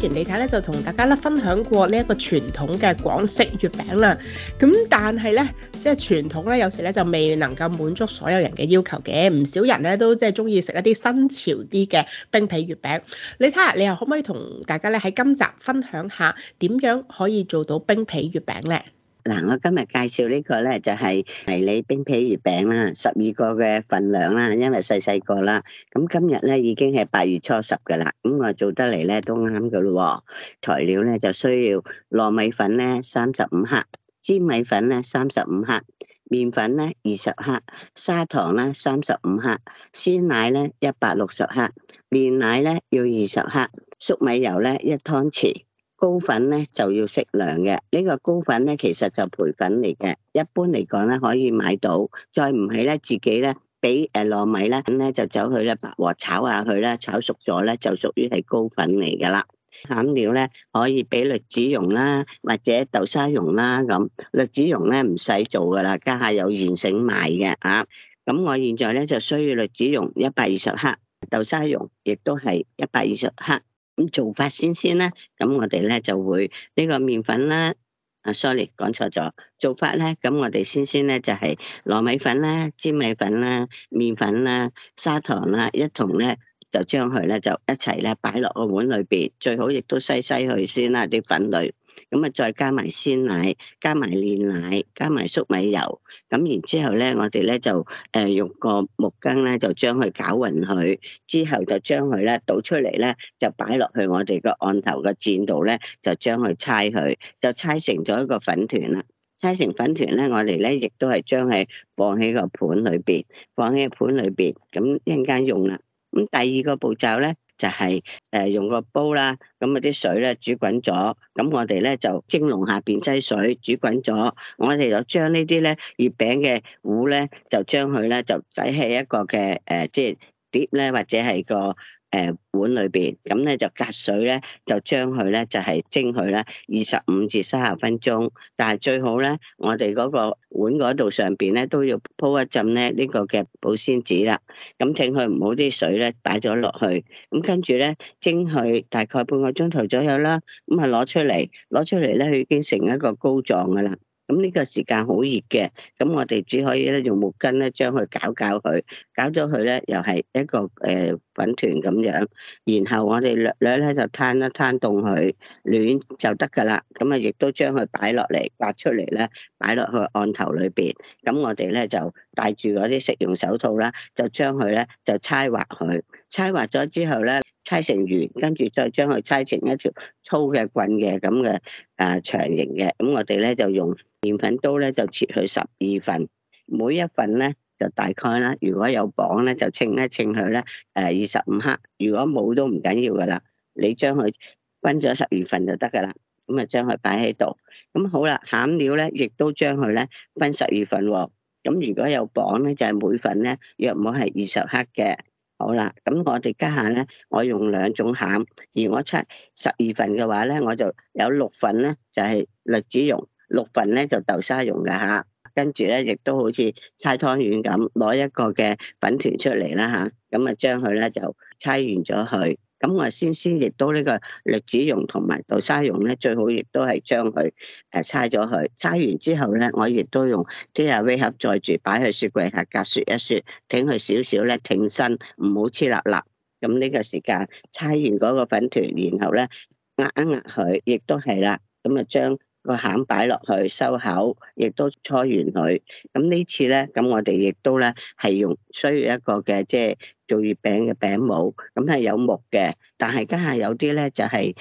之前你睇咧就同大家咧分享過呢一個傳統嘅廣式月餅啦，咁但係咧即係傳統咧有時咧就未能夠滿足所有人嘅要求嘅，唔少人咧都即係中意食一啲新潮啲嘅冰皮月餅。你睇下，你又可唔可以同大家咧喺今集分享下點樣可以做到冰皮月餅咧？嗱，我今日介紹呢個咧就係、是、迷你冰皮月餅啦，十二個嘅份量啦，因為細細個啦。咁今日咧已經係八月初十噶啦，咁我做得嚟咧都啱噶咯。材料咧就需要糯米粉咧三十五克，粘米粉咧三十五克，麵粉咧二十克，砂糖咧三十五克，鮮奶咧一百六十克，煉奶咧要二十克，粟米油咧一湯匙。高粉咧就要適量嘅，這個、呢個糕粉咧其實就培粉嚟嘅，一般嚟講咧可以買到，再唔係咧自己咧俾誒糯米咧咁咧就走去咧白鑊炒下佢啦，炒熟咗咧就屬於係糕粉嚟噶啦。餡料咧可以俾栗子蓉啦，或者豆沙蓉啦咁，栗子蓉咧唔使做噶啦，家下有現成賣嘅啊。咁我現在咧就需要栗子蓉一百二十克，豆沙蓉亦都係一百二十克。咁做法先先啦，咁我哋咧就會呢個麵粉啦，啊 sorry 講錯咗做法咧，咁我哋先先咧就係、是、糯米粉啦、粘米粉啦、麵粉啦、砂糖啦一同咧就將佢咧就一齊咧擺落個碗裏邊，最好亦都篩篩去先啦啲粉類。咁啊，再加埋鮮奶，加埋煉奶，加埋粟米油。咁然之後咧，我哋咧就誒用個木羹咧，就將佢攪勻佢。之後就將佢咧倒出嚟咧，就擺落去我哋個案頭嘅墊度咧，就將佢搓佢，就搓成咗一個粉團啦。搓成粉團咧，我哋咧亦都係將佢放喺個盤裏邊，放喺個盤裏邊，咁一陣間用啦。咁第二個步驟咧。就係誒用個煲啦，咁啊啲水咧煮滾咗，咁我哋咧就蒸籠下邊擠水煮滾咗，我哋就將呢啲咧月餅嘅糊咧就將佢咧就擠喺一個嘅誒、呃、即碟咧或者係個。誒、呃，碗裏邊咁咧就隔水咧，就將佢咧就係、是、蒸佢咧，二十五至三十分鐘。但係最好咧，我哋嗰個碗嗰度上邊咧都要鋪一浸咧呢、這個嘅保鮮紙啦。咁請佢唔好啲水咧擺咗落去。咁跟住咧蒸佢大概半個鐘頭左右啦。咁啊攞出嚟，攞出嚟咧，佢已經成一個膏狀噶啦。咁呢個時間好熱嘅，咁我哋只可以咧用木棍咧將佢攪攪佢，攪咗佢咧又係一個誒粉團咁樣，然後我哋略略咧就攤一攤凍佢，暖就得㗎啦，咁啊亦都將佢擺落嚟刮出嚟咧，擺落去案頭裏邊，咁我哋咧就戴住嗰啲食用手套啦，就將佢咧就搓滑佢，搓滑咗之後咧。搓成圓，跟住再將佢搓成一條粗嘅棍嘅咁嘅啊長形嘅。咁我哋咧就用麵粉刀咧就切佢十二份，每一份咧就大概啦。如果有磅咧就稱一稱佢咧誒二十五克。如果冇都唔緊要噶啦，你將佢分咗十二份就得噶啦。咁啊將佢擺喺度。咁好啦，餡料咧亦都將佢咧分十二份喎。咁如果有磅咧就係每份咧約莫係二十克嘅。好啦，咁我哋家下咧，我用兩種餡，而我拆十二份嘅話咧，我就有六份咧就係栗子蓉，六份咧就豆沙蓉嘅吓，跟住咧亦都好似猜湯圓咁，攞一個嘅粉團出嚟啦吓，咁啊將佢咧就猜完咗佢。咁我先先亦都呢個栗子蓉同埋豆沙蓉咧，最好亦都係將佢誒拆咗佢，拆完之後咧，我亦都用啲阿威盒載住，擺喺雪櫃下格雪一雪，等佢少少咧挺身，唔好黐立立。咁呢個時間拆完嗰個粉團，然後咧壓一壓佢，亦都係啦。咁啊將。個餡擺落去收口，亦都搓完佢。咁呢次咧，咁我哋亦都咧係用需要一個嘅，即係做月餅嘅餅模。咁係有木嘅，但係家下有啲咧就係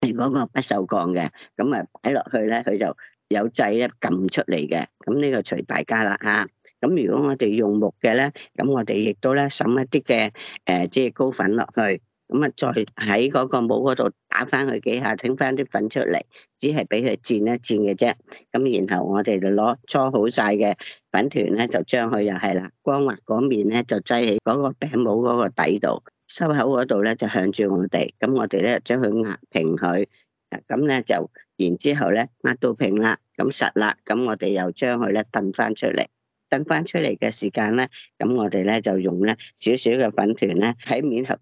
用嗰個不銹鋼嘅。咁啊，擺落去咧，佢就有掣咧撳出嚟嘅。咁呢個隨大家啦啊。咁如果我哋用木嘅咧，咁我哋亦都咧，搵一啲嘅誒，即係高粉落去。咁啊，再喺嗰個模嗰度打翻佢幾下，整翻啲粉出嚟，只係俾佢沾一沾嘅啫。咁然後我哋就攞搓好晒嘅粉團咧，就將佢又係啦，光滑嗰面咧就擠喺嗰個餅模嗰個底度，收口嗰度咧就向住我哋。咁我哋咧將佢壓平佢，咁咧就然之後咧壓到平啦，咁實啦。咁我哋又將佢咧扽翻出嚟，扽翻出嚟嘅時間咧，咁我哋咧就用咧少少嘅粉團咧喺面頭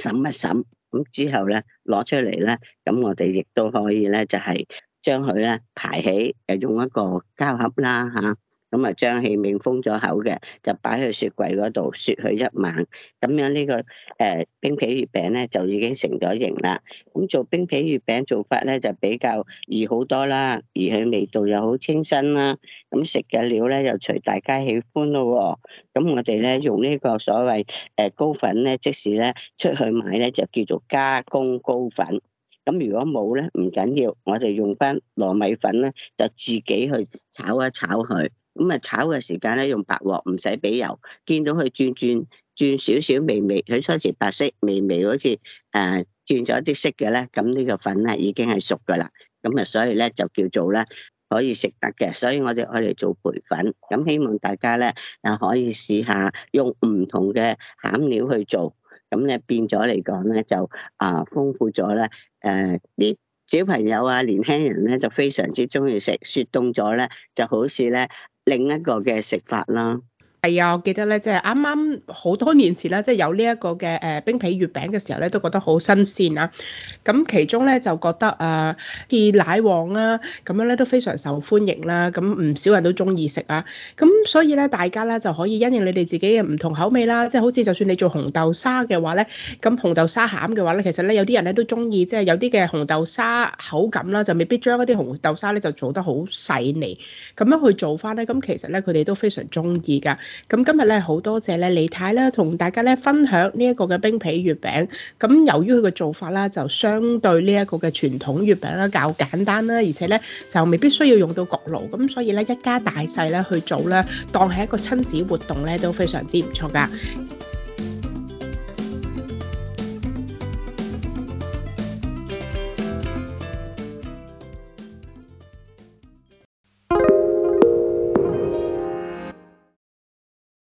審一審，咁之後咧攞出嚟咧，咁我哋亦都可以咧，就係將佢咧排起，誒用一個膠盒啦嚇。咁啊，將器皿封咗口嘅，就擺去雪櫃嗰度雪佢一晚。咁樣呢、呢個誒、呃、冰皮月餅咧，就已經成咗型啦。咁做冰皮月餅做法咧，就比較易好多啦，而佢味道又好清新啦。咁食嘅料咧，又隨大家喜歡咯。咁我哋咧用呢個所謂誒糕、呃、粉咧，即使咧出去買咧就叫做加工糕粉。咁如果冇咧，唔緊要，我哋用翻糯米粉咧，就自己去炒一炒佢。咁啊，炒嘅時間咧，用白鑊唔使俾油，見到佢轉轉轉少少微微，佢初時白色微微好色，好似誒轉咗啲色嘅咧，咁呢個粉咧已經係熟㗎啦。咁啊，所以咧就叫做咧可以食得嘅，所以我哋可以做培粉。咁希望大家咧又可以試下用唔同嘅餡料去做，咁咧變咗嚟講咧就啊豐富咗咧誒啲小朋友啊，年輕人咧就非常之中意食，雪凍咗咧就好似咧。另一個嘅食法啦。係啊，我記得咧，即係啱啱好多年前啦，即係有呢一個嘅誒冰皮月餅嘅時候咧，都覺得好新鮮啊。咁其中咧就覺得誒啲奶黃啦，咁樣咧都非常受歡迎啦。咁唔少人都中意食啊。咁所以咧，大家咧就可以因應你哋自己嘅唔同口味啦。即係好似就算你做紅豆沙嘅話咧，咁紅豆沙餡嘅話咧，其實咧有啲人咧都中意，即係有啲嘅紅豆沙口感啦，就未必將一啲紅豆沙咧就做得好細膩咁樣去做翻咧。咁其實咧佢哋都非常中意噶。咁今日咧好多謝咧李太啦，同大家咧分享呢一個嘅冰皮月餅。咁由於佢嘅做法啦，就相對呢一個嘅傳統月餅啦，較簡單啦，而且咧就未必需要用到焗爐。咁所以咧一家大細咧去做咧，當係一個親子活動咧，都非常之唔錯㗎。